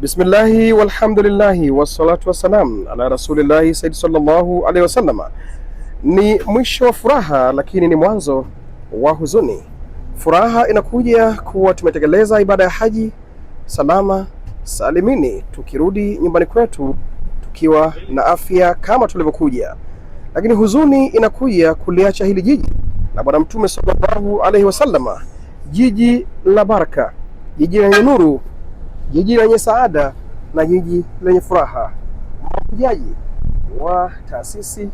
Bismillahi walhamdulillahi wassalatu wassalam ala rasulillahi sayyid sallallahu alaihi wasallam. Ni mwisho wa furaha, lakini ni mwanzo wa huzuni. Furaha inakuja kuwa tumetekeleza ibada ya haji salama salimini, tukirudi nyumbani kwetu tukiwa na afya kama tulivyokuja, lakini huzuni inakuja kuliacha hili jiji na Bwana Mtume sallallahu alaihi wasallam, jiji la baraka, jiji lenye nuru jiji lenye saada na jiji lenye furaha. Mavunjaji wa taasisi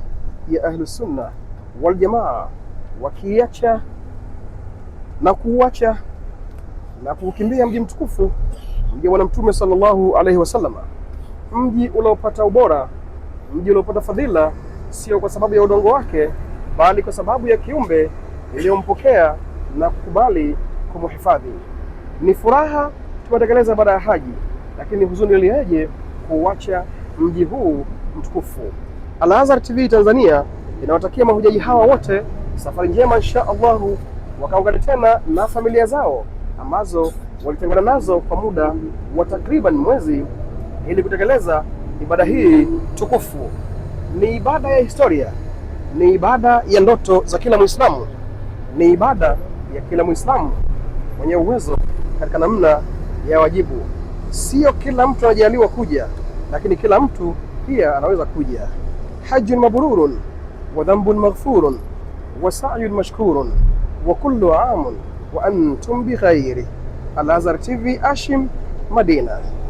ya Ahlusunna wal Jamaa wakiacha na kuuacha na kuukimbia mji mtukufu, mji wa Bwana Mtume sallallahu alaihi wasallama, mji unaopata ubora, mji unaopata fadhila, sio kwa sababu ya udongo wake, bali kwa sababu ya kiumbe iliyompokea na kukubali kumuhifadhi. Ni furaha tumetekeleza ibada ya haji, lakini huzuni ilieje kuuacha mji huu mtukufu. Al-Azhar TV Tanzania inawatakia mahujaji hawa wote safari njema insha Allahu, wakaungana tena na familia zao ambazo walitengana nazo kwa muda wa takriban mwezi ili kutekeleza ibada hii tukufu. Ni ibada ya historia, ni ibada ya ndoto za kila Muislamu, ni ibada ya kila Muislamu mwenye uwezo katika namna ya wajibu. Sio kila mtu anajaliwa kuja, lakini kila mtu pia anaweza kuja. hajjun mabrurun wa dhanbun maghfurun wa sa'yun mashkurun wa kullu amun wa antum bikhairi. Al Azhar TV, Ashim, Madina.